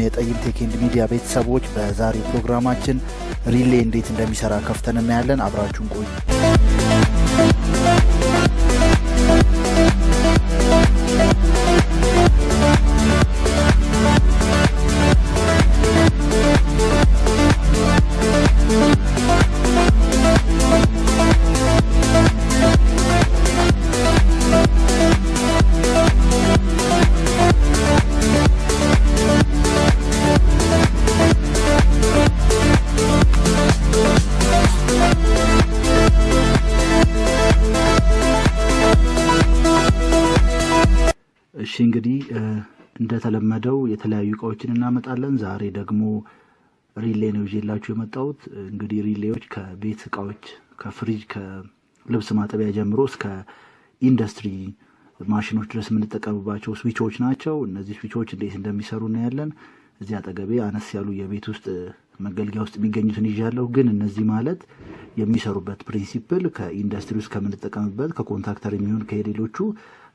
ክቡራን የጠይም ቴክንድ ሚዲያ ቤተሰቦች በዛሬ ፕሮግራማችን ሪሌ እንዴት እንደሚሰራ ከፍተን እናያለን። አብራችሁን ቆዩ። እሺ እንግዲህ እንደተለመደው የተለያዩ እቃዎችን እናመጣለን። ዛሬ ደግሞ ሪሌ ነው ይዤላችሁ የመጣሁት። እንግዲህ ሪሌዎች ከቤት እቃዎች ከፍሪጅ፣ ከልብስ ማጠቢያ ጀምሮ እስከ ኢንዱስትሪ ማሽኖች ድረስ የምንጠቀምባቸው ስዊቾች ናቸው። እነዚህ ስዊቾች እንዴት እንደሚሰሩ እናያለን። እዚህ አጠገቤ አነስ ያሉ የቤት ውስጥ መገልገያ ውስጥ የሚገኙትን ይዣለሁ። ግን እነዚህ ማለት የሚሰሩበት ፕሪንሲፕል ከኢንዱስትሪ ውስጥ ከምንጠቀምበት ከኮንታክተር የሚሆን ከሌሎቹ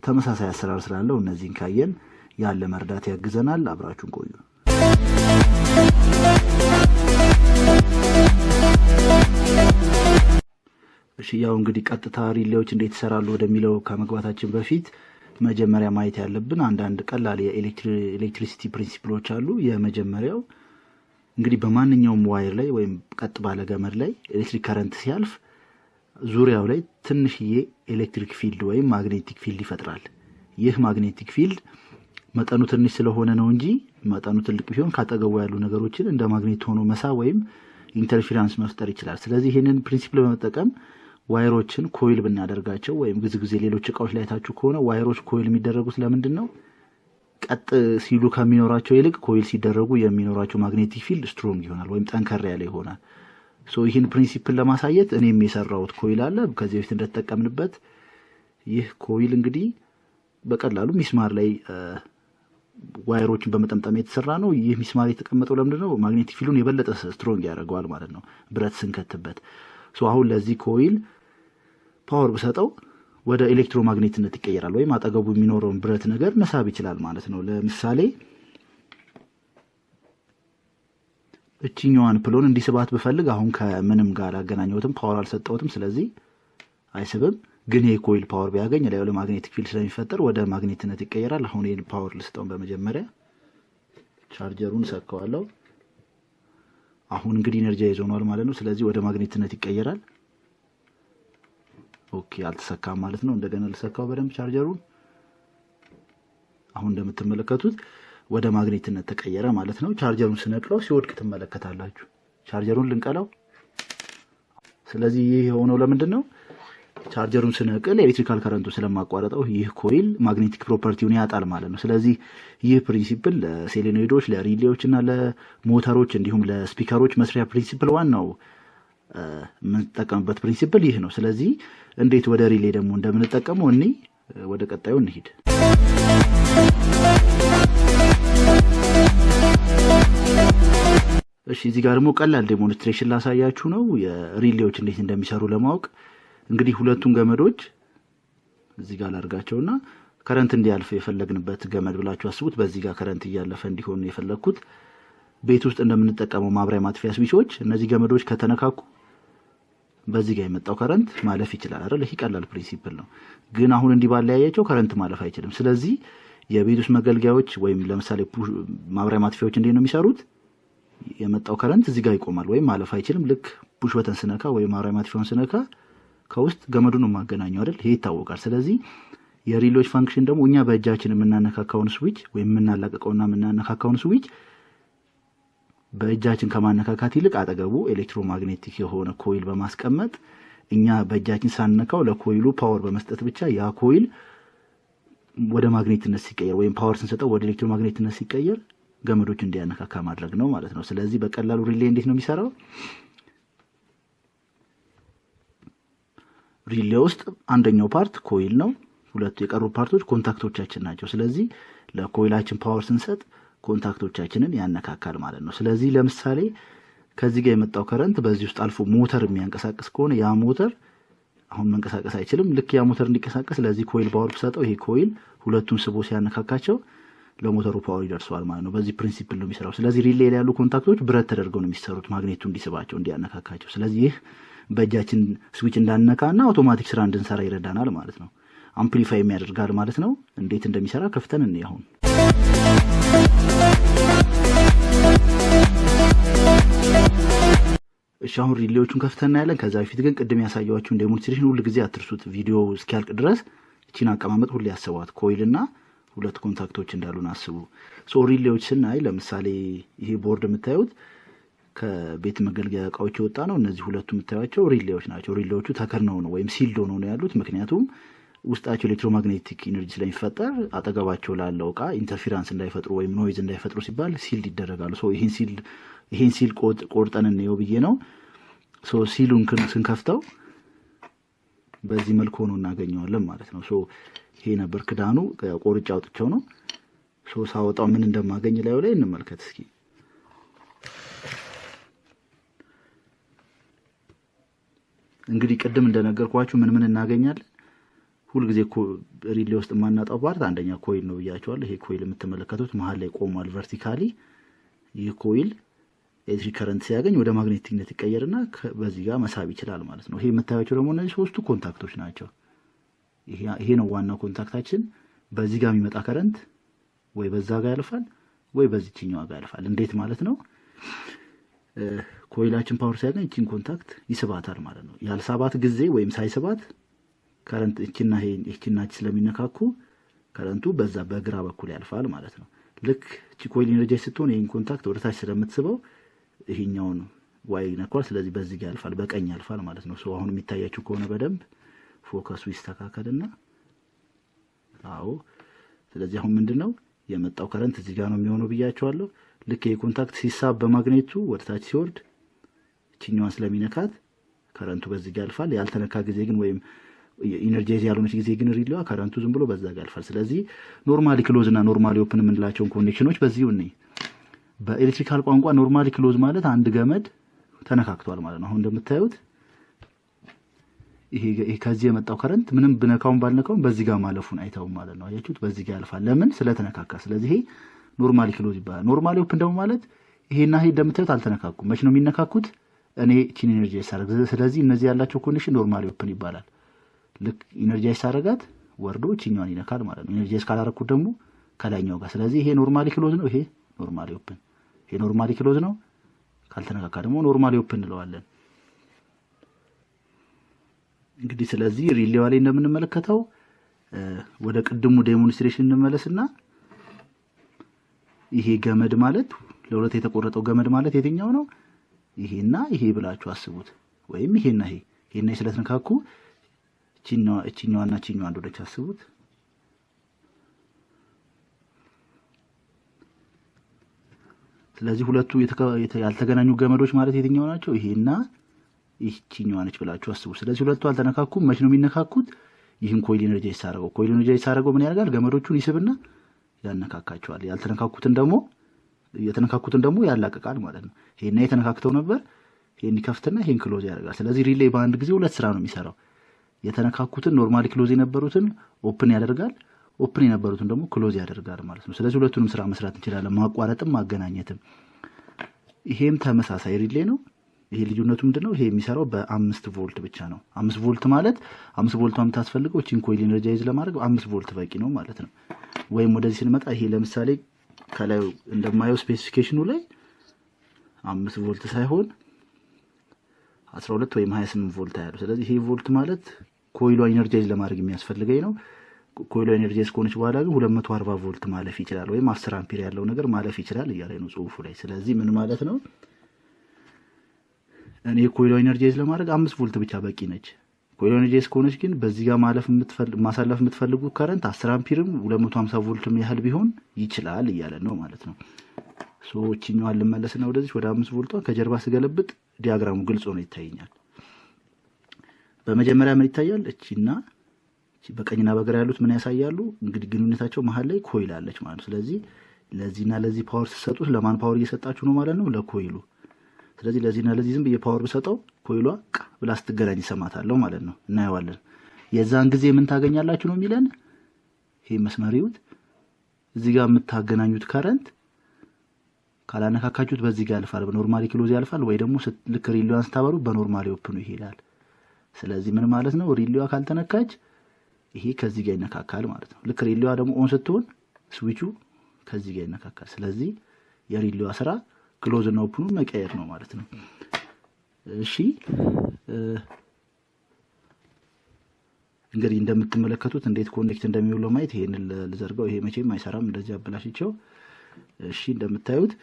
ተመሳሳይ አሰራር ስላለው እነዚህን ካየን ያለ መርዳት ያግዘናል። አብራችሁን ቆዩ። እሺ ያው እንግዲህ ቀጥታ ሪሌዎች እንዴት ይሰራሉ ወደሚለው ከመግባታችን በፊት መጀመሪያ ማየት ያለብን አንዳንድ ቀላል የኤሌክትሪሲቲ ፕሪንሲፕሎች አሉ። የመጀመሪያው እንግዲህ በማንኛውም ዋይር ላይ ወይም ቀጥ ባለ ገመድ ላይ ኤሌክትሪክ ከረንት ሲያልፍ ዙሪያው ላይ ትንሽዬ ኤሌክትሪክ ፊልድ ወይም ማግኔቲክ ፊልድ ይፈጥራል። ይህ ማግኔቲክ ፊልድ መጠኑ ትንሽ ስለሆነ ነው እንጂ መጠኑ ትልቅ ቢሆን ካጠገቡ ያሉ ነገሮችን እንደ ማግኔት ሆኖ መሳ ወይም ኢንተርፌራንስ መፍጠር ይችላል። ስለዚህ ይህንን ፕሪንሲፕል በመጠቀም ዋይሮችን ኮይል ብናደርጋቸው ወይም ጊዜ ሌሎች እቃዎች ላይ ታችሁ ከሆነ ዋይሮች ኮይል የሚደረጉት ለምንድን ነው? ቀጥ ሲሉ ከሚኖራቸው ይልቅ ኮይል ሲደረጉ የሚኖራቸው ማግኔቲክ ፊልድ ስትሮንግ ይሆናል ወይም ጠንከር ያለ ይሆናል። ይህን ፕሪንሲፕል ለማሳየት እኔም የሰራሁት ኮይል አለ። ከዚህ በፊት እንደተጠቀምንበት ይህ ኮይል እንግዲህ በቀላሉ ሚስማር ላይ ዋይሮችን በመጠምጠም የተሰራ ነው። ይህ ሚስማር የተቀመጠው ለምንድን ነው? ማግኔቲክ ፊሉን የበለጠ ስትሮንግ ያደርገዋል ማለት ነው፣ ብረት ስንከትበት። አሁን ለዚህ ኮይል ፓወር ብሰጠው ወደ ኤሌክትሮማግኔትነት ይቀየራል፣ ወይም አጠገቡ የሚኖረውን ብረት ነገር መሳብ ይችላል ማለት ነው። ለምሳሌ እችኛዋን ፕሎን እንዲስባት ብፈልግ አሁን ከምንም ጋር አገናኘሁትም ፓወር አልሰጠሁትም። ስለዚህ አይስብም። ግን ይህ ኮይል ፓወር ቢያገኝ ላዩ ላይ ማግኔቲክ ፊልድ ስለሚፈጠር ወደ ማግኔትነት ይቀየራል። አሁን ይህን ፓወር ልስጠውን። በመጀመሪያ ቻርጀሩን ሰከዋለው አሁን እንግዲህ ኤነርጂ ይዞኗል ማለት ነው። ስለዚህ ወደ ማግኔትነት ይቀየራል። ኦኬ አልተሰካም ማለት ነው። እንደገና ልሰካው በደንብ ቻርጀሩን አሁን እንደምትመለከቱት ወደ ማግኔትነት ተቀየረ ማለት ነው። ቻርጀሩን ስነቅለው ሲወድቅ ትመለከታላችሁ። ቻርጀሩን ልንቀለው። ስለዚህ ይህ የሆነው ለምንድን ነው? ቻርጀሩን ስነቅል ኤሌክትሪካል ከረንቱ ስለማቋረጠው ይህ ኮይል ማግኔቲክ ፕሮፐርቲውን ያጣል ማለት ነው። ስለዚህ ይህ ፕሪንሲፕል ለሴሌኖይዶች፣ ለሪሌዎች እና ለሞተሮች እንዲሁም ለስፒከሮች መስሪያ ፕሪንሲፕል ዋናው የምንጠቀምበት ፕሪንሲፕል ይህ ነው። ስለዚህ እንዴት ወደ ሪሌ ደግሞ እንደምንጠቀመው እኔ ወደ ቀጣዩ እንሂድ። እሺ እዚህ ጋር ደግሞ ቀላል ዴሞንስትሬሽን ላሳያችሁ ነው የሪሌዎች እንዴት እንደሚሰሩ ለማወቅ እንግዲህ ሁለቱን ገመዶች እዚህ ጋር ላርጋቸውና ከረንት እንዲያልፍ የፈለግንበት ገመድ ብላችሁ አስቡት። በዚህ ጋር ከረንት እያለፈ እንዲሆን የፈለግኩት ቤት ውስጥ እንደምንጠቀመው ማብሪያ ማጥፊያ ስዊቾች እነዚህ ገመዶች ከተነካኩ በዚህ ጋር የመጣው ከረንት ማለፍ ይችላል አይደል? ይህ ቀላል ፕሪንሲፕል ነው። ግን አሁን እንዲህ ባለያያቸው ከረንት ማለፍ አይችልም። ስለዚህ የቤት ውስጥ መገልገያዎች ወይም ለምሳሌ ማብሪያ ማጥፊያዎች እንዴት ነው የሚሰሩት? የመጣው ከረንት እዚህ ጋር ይቆማል ወይም ማለፍ አይችልም። ልክ ፑሽ በተን ስነካ ወይም አራማትፊውን ስነካ ከውስጥ ገመዱ ነው የማገናኘው አይደል? ይሄ ይታወቃል። ስለዚህ የሪሎች ፋንክሽን ደግሞ እኛ በእጃችን የምናነካካውን ስዊች ወይም የምናላቀቀውና የምናነካካውን ስዊች በእጃችን ከማነካካት ይልቅ አጠገቡ ኤሌክትሮማግኔቲክ የሆነ ኮይል በማስቀመጥ እኛ በእጃችን ሳንነካው ለኮይሉ ፓወር በመስጠት ብቻ ያ ኮይል ወደ ማግኔትነት ሲቀየር ወይም ፓወር ስንሰጠው ወደ ኤሌክትሮማግኔትነት ሲቀየር ገመዶች እንዲያነካካ ማድረግ ነው ማለት ነው። ስለዚህ በቀላሉ ሪሌ እንዴት ነው የሚሰራው? ሪሌ ውስጥ አንደኛው ፓርት ኮይል ነው። ሁለቱ የቀሩ ፓርቶች ኮንታክቶቻችን ናቸው። ስለዚህ ለኮይላችን ፓወር ስንሰጥ ኮንታክቶቻችንን ያነካካል ማለት ነው። ስለዚህ ለምሳሌ ከዚህ ጋር የመጣው ከረንት በዚህ ውስጥ አልፎ ሞተር የሚያንቀሳቅስ ከሆነ ያ ሞተር አሁን መንቀሳቀስ አይችልም። ልክ ያ ሞተር እንዲቀሳቀስ ለዚህ ኮይል ፓወር ብሰጠው ይሄ ኮይል ሁለቱን ስቦ ሲያነካካቸው ለሞተሩ ፓወር ይደርሰዋል ማለት ነው። በዚህ ፕሪንሲፕል ነው የሚሰራው። ስለዚህ ሪሌ ላይ ያሉ ኮንታክቶች ብረት ተደርገው ነው የሚሰሩት ማግኔቱ እንዲስባቸው እንዲያነካካቸው። ስለዚህ ይህ በእጃችን ስዊች እንዳነካ እና አውቶማቲክ ስራ እንድንሰራ ይረዳናል ማለት ነው። አምፕሊፋይ የሚያደርጋል ማለት ነው። እንዴት እንደሚሰራ ከፍተን እንያሁን እሺ አሁን ሪሌዎቹን ከፍተን እናያለን። ከዛ በፊት ግን ቅድም ያሳየኋችሁን ዴሞንስትሬሽን ጊዜ አትርሱት። ቪዲዮ እስኪያልቅ ድረስ እቺን አቀማመጥ ሁሌ ኮይል ኮይልና ሁለት ኮንታክቶች እንዳሉን አስቡ። ሶ ሪሌዎች ስናይ ለምሳሌ ይሄ ቦርድ የምታዩት ከቤት መገልገያ እቃዎች የወጣ ነው። እነዚህ ሁለቱ የምታዩቸው ሪሌዎች ናቸው። ሪሌዎቹ ተከድነው ነው ወይም ሲልድ ሆነው ነው ያሉት። ምክንያቱም ውስጣቸው ኤሌክትሮማግኔቲክ ኢነርጂ ስለሚፈጠር አጠገባቸው ላለው እቃ ኢንተርፌራንስ እንዳይፈጥሩ ወይም ኖይዝ እንዳይፈጥሩ ሲባል ሲልድ ይደረጋሉ። ይህን ሲል ቆርጠን እንየው ብዬ ነው። ሲሉን ስንከፍተው በዚህ መልክ ሆኖ እናገኘዋለን ማለት ነው። ይሄ ነበር ክዳኑ። ቆርጬ አውጥቸው ነው። ሶ ሳወጣው ምን እንደማገኝ ላዩ ላይ እንመልከት እስኪ። እንግዲህ ቅድም እንደነገርኳችሁ ምን ምን እናገኛለን? ሁልጊዜ ሪሌ ውስጥ የማናጣው ፓርት አንደኛ ኮይል ነው ብያቸዋል። ይሄ ኮይል የምትመለከቱት መሀል ላይ ቆሟል ቨርቲካሊ። ይህ ኮይል ኤሌክትሪክ ከረንት ሲያገኝ ወደ ማግኔቲክነት ይቀየርና በዚህ ጋር መሳብ ይችላል ማለት ነው። ይሄ የምታያቸው ደግሞ እነዚህ ሶስቱ ኮንታክቶች ናቸው። ይሄ ነው ዋና ኮንታክታችን። በዚህ ጋር የሚመጣ ከረንት ወይ በዛ ጋር ያልፋል ወይ በዚችኛው ጋር ያልፋል። እንዴት ማለት ነው? ኮይላችን ፓወር ሲያገኝ እችን ኮንታክት ይስባታል ማለት ነው። ያልሳባት ጊዜ ወይም ሳይስባት ከረንት እችና እችና ስለሚነካኩ ከረንቱ በዛ በግራ በኩል ያልፋል ማለት ነው። ልክ እቺ ኮይል ኢነርጃይዝ ስትሆን ይህን ኮንታክት ወደ ታች ስለምትስበው ይሄኛውን ዋይ ነኳል። ስለዚህ በዚህ ጋር ያልፋል፣ በቀኝ ያልፋል ማለት ነው። አሁን የሚታያችሁ ከሆነ በደንብ ፎከሱ ይስተካከልና አዎ። ስለዚህ አሁን ምንድን ነው የመጣው ከረንት እዚህ ጋር ነው የሚሆነው ብያቸዋለሁ። ልክ የኮንታክት ሲሳብ በማግኔቱ ወደታች ሲወርድ ችኛዋን ስለሚነካት ከረንቱ በዚህ ጋር ያልፋል። ያልተነካ ጊዜ ግን ወይም ኢነርጃይዝ ያልሆነች ጊዜ ግን ሪሊዋ ከረንቱ ዝም ብሎ በዛ ጋር ያልፋል። ስለዚህ ኖርማሊ ክሎዝ እና ኖርማሊ ኦፕን የምንላቸውን ኮኔክሽኖች በዚህ ውኔ በኤሌክትሪካል ቋንቋ ኖርማሊ ክሎዝ ማለት አንድ ገመድ ተነካክቷል ማለት ነው። አሁን እንደምታዩት ከዚህ የመጣው ከረንት ምንም ብነካውን ባልነካውን በዚህ ጋር ማለፉን አይተው ማለት ነው። አያችሁት? በዚህ ጋር ያልፋል። ለምን? ስለተነካካ። ስለዚህ ይሄ ኖርማል ክሎዝ ይባላል። ኖርማል ኦፕን ደግሞ ማለት ይሄና ይሄ እንደምታዩት አልተነካኩም። መች ነው የሚነካኩት? እኔ ቺን ኤነርጂ ሳረግ። ስለዚህ እነዚህ ያላቸው ኮንዲሽን ኖርማል ኦፕን ይባላል። ልክ ኤነርጂ ሳረጋት ወርዶ ችኛዋን ይነካል ማለት ነው። ኤነርጂ ካላረኩት ደግሞ ከላይኛው ጋር። ስለዚህ ይሄ ኖርማል ክሎዝ ነው። ይሄ ኖርማል ኦፕን፣ ይሄ ኖርማሊ ክሎዝ ነው። ካልተነካካ ደግሞ ኖርማሊ ኦፕን እንለዋለን። እንግዲህ ስለዚህ ሪሌዋ ላይ እንደምንመለከተው ወደ ቅድሙ ዴሞንስትሬሽን እንመለስና ይሄ ገመድ ማለት ለሁለት የተቆረጠው ገመድ ማለት የትኛው ነው? ይሄና ይሄ ብላችሁ አስቡት። ወይም ይሄና ይሄ ይሄና ስለተነካኩ እችኛዋና እችኛዋ እንደሆነች አስቡት። ስለዚህ ሁለቱ ያልተገናኙ ገመዶች ማለት የትኛው ናቸው? ይሄና ይችኛዋነች ነች ብላችሁ አስቡ። ስለዚህ ሁለቱ አልተነካኩም። መች ነው የሚነካኩት? ይህን ኮይል ኢነርጃይዝ ሳደርገው ኮይል ኢነርጃይዝ ሳደርገው ምን ያደርጋል? ገመዶቹን ይስብና ያነካካቸዋል። ያልተነካኩትን ደግሞ የተነካኩትን ደግሞ ያላቅቃል ማለት ነው። ይሄና የተነካክተው ነበር። ይሄን ይከፍትና ይሄን ክሎዝ ያደርጋል። ስለዚህ ሪሌ በአንድ ጊዜ ሁለት ስራ ነው የሚሰራው። የተነካኩትን ኖርማሊ ክሎዝ የነበሩትን ኦፕን ያደርጋል። ኦፕን የነበሩትን ደግሞ ክሎዝ ያደርጋል ማለት ነው። ስለዚህ ሁለቱንም ስራ መስራት እንችላለን፣ ማቋረጥም ማገናኘትም። ይሄም ተመሳሳይ ሪሌ ነው። ይሄ ልዩነቱ ምንድነው? ይሄ የሚሰራው በአምስት ቮልት ብቻ ነው። አምስት ቮልት ማለት አምስት ቮልት የምታስፈልገው ቺን ኮይል ኢነርጃይዝ ለማድረግ አምስት ቮልት በቂ ነው ማለት ነው። ወይም ወደዚህ ስንመጣ ይሄ ለምሳሌ ከላይ እንደማየው ስፔሲፊኬሽኑ ላይ አምስት ቮልት ሳይሆን አስራ ሁለት ወይም ሀያ ስምንት ቮልት ያለው። ስለዚህ ይሄ ቮልት ማለት ኮይሏ ኢነርጃይዝ ለማድረግ የሚያስፈልገኝ ነው። ኮይሏ ኤነርጂስ ከሆነች በኋላ ግን ሁለት መቶ አርባ ቮልት ማለፍ ይችላል፣ ወይም አስር አምፒር ያለው ነገር ማለፍ ይችላል እያለ ነው ጽሁፉ ላይ። ስለዚህ ምን ማለት ነው እኔ ኮይሎ ኤነርጂዝ ለማድረግ አምስት ቮልት ብቻ በቂ ነች። ኮይሎ ኤነርጂዝ ከሆነች ግን በዚህ ጋር ማለፍ ማሳለፍ የምትፈልጉ ከረንት አስር አምፒርም ሁለት መቶ ሀምሳ ቮልትም ያህል ቢሆን ይችላል እያለን ነው ማለት ነው። ሶ ችኛዋን ልመለስና ወደዚች ወደ አምስት ቮልቷ ከጀርባ ስገለብጥ ዲያግራሙ ግልጽ ሆኖ ይታየኛል። በመጀመሪያ ምን ይታያል? እቺና በቀኝና በግራ ያሉት ምን ያሳያሉ? እንግዲህ ግንኙነታቸው መሀል ላይ ኮይል አለች ማለት ነው። ስለዚህ ለዚህና ለዚህ ፓወር ስትሰጡት ለማን ፓወር እየሰጣችሁ ነው ማለት ነው? ለኮይሉ ስለዚህ ለዚህና ለዚህ ዝም ብዬ ፓወር ብሰጠው ኮይሏ ብላ ስትገናኝ ይሰማታለሁ ማለት ነው። እናየዋለን። የዛን ጊዜ ምን ታገኛላችሁ ነው የሚለን። ይሄ መስመር ይዩት። እዚህ ጋር የምታገናኙት ከረንት ካላነካካችሁት በዚህ ጋር ያልፋል፣ በኖርማሊ ክሎዝ ያልፋል። ወይ ደግሞ ልክ ሪሊዋን ስታበሩ በኖርማሊ ኦፕኑ ይሄዳል። ስለዚህ ምን ማለት ነው? ሪሊዋ ካልተነካች ይሄ ከዚህ ጋር ይነካካል ማለት ነው። ልክ ሪሊዋ ደግሞ ኦን ስትሆን ስዊቹ ከዚህ ጋር ይነካካል። ስለዚህ የሪሊዋ ስራ ክሎዝ እና ኦፕኑ መቀየር ነው ማለት ነው። እሺ እንግዲህ እንደምትመለከቱት እንዴት ኮኔክት እንደሚውለው ማየት ይሄንን ልዘርገው። ይሄ መቼም አይሰራም፣ እንደዚህ አበላሽቸው። እሺ እንደምታዩት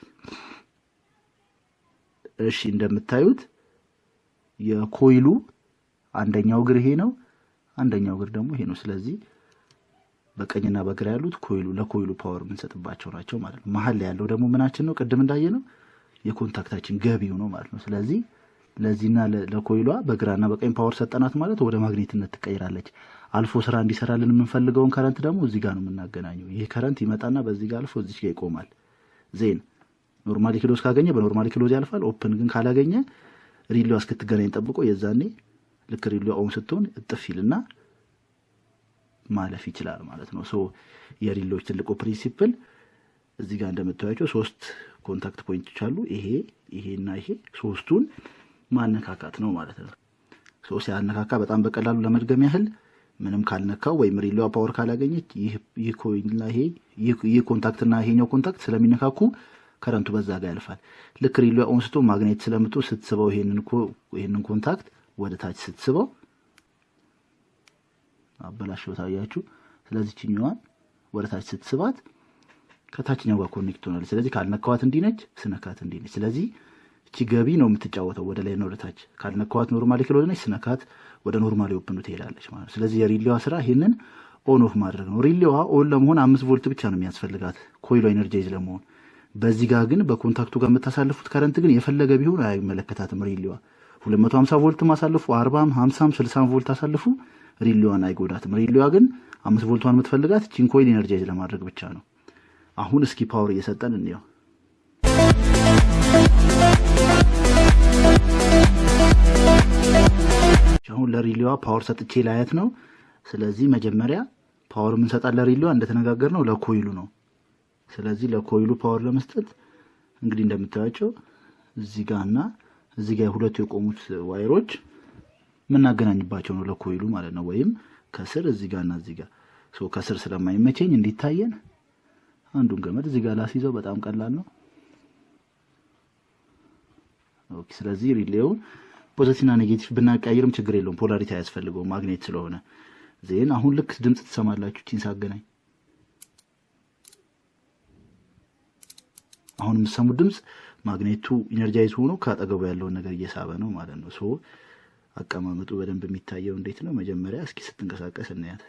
እሺ እንደምታዩት የኮይሉ አንደኛው እግር ይሄ ነው፣ አንደኛው እግር ደግሞ ይሄ ነው። ስለዚህ በቀኝና በግራ ያሉት ኮይሉ ለኮይሉ ፓወር የምንሰጥባቸው ናቸው ማለት ነው። መሀል ላይ ያለው ደግሞ ምናችን ነው? ቅድም እንዳየ ነው የኮንታክታችን ገቢው ነው ማለት ነው። ስለዚህ ለዚህና ለኮይሏ በግራና በቀኝ ፓወር ሰጠናት ማለት ወደ ማግኔትነት ትቀይራለች። አልፎ ስራ እንዲሰራልን የምንፈልገውን ከረንት ደግሞ እዚህ ጋር ነው የምናገናኘው። ይህ ከረንት ይመጣና በዚህ ጋር አልፎ እዚች ጋር ይቆማል። ዜን ኖርማሊ ኪሎዝ ካገኘ በኖርማሊ ኪሎዝ ያልፋል። ኦፕን ግን ካላገኘ ሪሊዋ እስክትገናኝ ጠብቆ የዛኔ ልክ ሪሊዋ ኦን ስትሆን እጥፍ ይልና ማለፍ ይችላል ማለት ነው። ሶ የሪሎች ትልቁ ፕሪንሲፕል እዚህ ጋር እንደምታያቸው ሶስት ኮንታክት ፖይንቶች አሉ። ይሄ ይሄና ይሄ ሶስቱን ማነካካት ነው ማለት ነው። ሰው ሲያነካካ በጣም በቀላሉ ለመድገም ያህል ምንም ካልነካው ወይም ሪሎ ፓወር ካላገኘች ይህ ኮንታክትና ይሄኛው ኮንታክት ስለሚነካኩ ከረንቱ በዛ ጋር ያልፋል። ልክ ሪሎ ኦን ማግኔት ስለምቶ ስትስበው ይሄንን ኮንታክት ወደ ታች ስትስበው አበላሽ ታያችሁ። ስለዚህ ችኛዋን ወደ ታች ስትስባት ከታችኛው ጋር ኮኔክት ሆናለች። ስለዚህ ካልነካዋት እንዲህ ነች፣ ስነካት እንዲህ ነች። ስለዚህ እቺ ገቢ ነው የምትጫወተው ወደ ላይ እና ወደ ታች። ካልነካዋት ኖርማሊ ከሆነች ስነካት ወደ ኖርማሊ ኦፕኑ ትሄዳለች ማለት ነው። ስለዚህ የሪሌዋ ስራ ይህንን ኦን ኦፍ ማድረግ ነው። ሪሌዋ ኦን ለመሆን አምስት ቮልት ብቻ ነው የሚያስፈልጋት ኮይሏ ኤነርጃይዝ ለመሆን። በዚህ ጋር ግን በኮንታክቱ ጋር የምታሳልፉት ከረንት ግን የፈለገ ቢሆን አይመለከታትም ሪሌዋ 250 ቮልት ማሳልፉ 40 50 60 ቮልት አሳልፉ ሪሊዋን አይጎዳትም። ሪሊዋ ግን አምስት ቮልቷን የምትፈልጋት ቺንኮይል ኤነርጃይዝ ለማድረግ ብቻ ነው። አሁን እስኪ ፓወር እየሰጠን እንየው። አሁን ለሪሊዋ ፓወር ሰጥቼ ላያት ነው። ስለዚህ መጀመሪያ ፓወር የምንሰጣት ለሪሊዋ እንደተነጋገር ነው ለኮይሉ ነው። ስለዚህ ለኮይሉ ፓወር ለመስጠት እንግዲህ እንደምታያቸው እዚህ ጋር እና እዚህ ጋር ሁለቱ የቆሙት ዋይሮች የምናገናኝባቸው ነው ለኮይሉ ማለት ነው። ወይም ከስር እዚህ ጋር እና እዚህ ጋር ከስር ስለማይመቸኝ እንዲታየን አንዱን ገመድ እዚህ ጋር ላስይዘው በጣም ቀላል ነው። ኦኬ። ስለዚህ ሪሌውን ፖዘቲቭና ኔጌቲቭ ብናቀያይርም ችግር የለውም፣ ፖላሪቲ አያስፈልገውም ማግኔት ስለሆነ። ዜን አሁን ልክ ድምፅ ትሰማላችሁ ቲን ሳገናኝ አሁን የምትሰሙት ድምፅ ማግኔቱ ኢነርጃይዝ ሆኖ ከአጠገቡ ያለውን ነገር እየሳበ ነው ማለት ነው። ሶ አቀማመጡ በደንብ የሚታየው እንዴት ነው? መጀመሪያ እስኪ ስትንቀሳቀስ እናያት።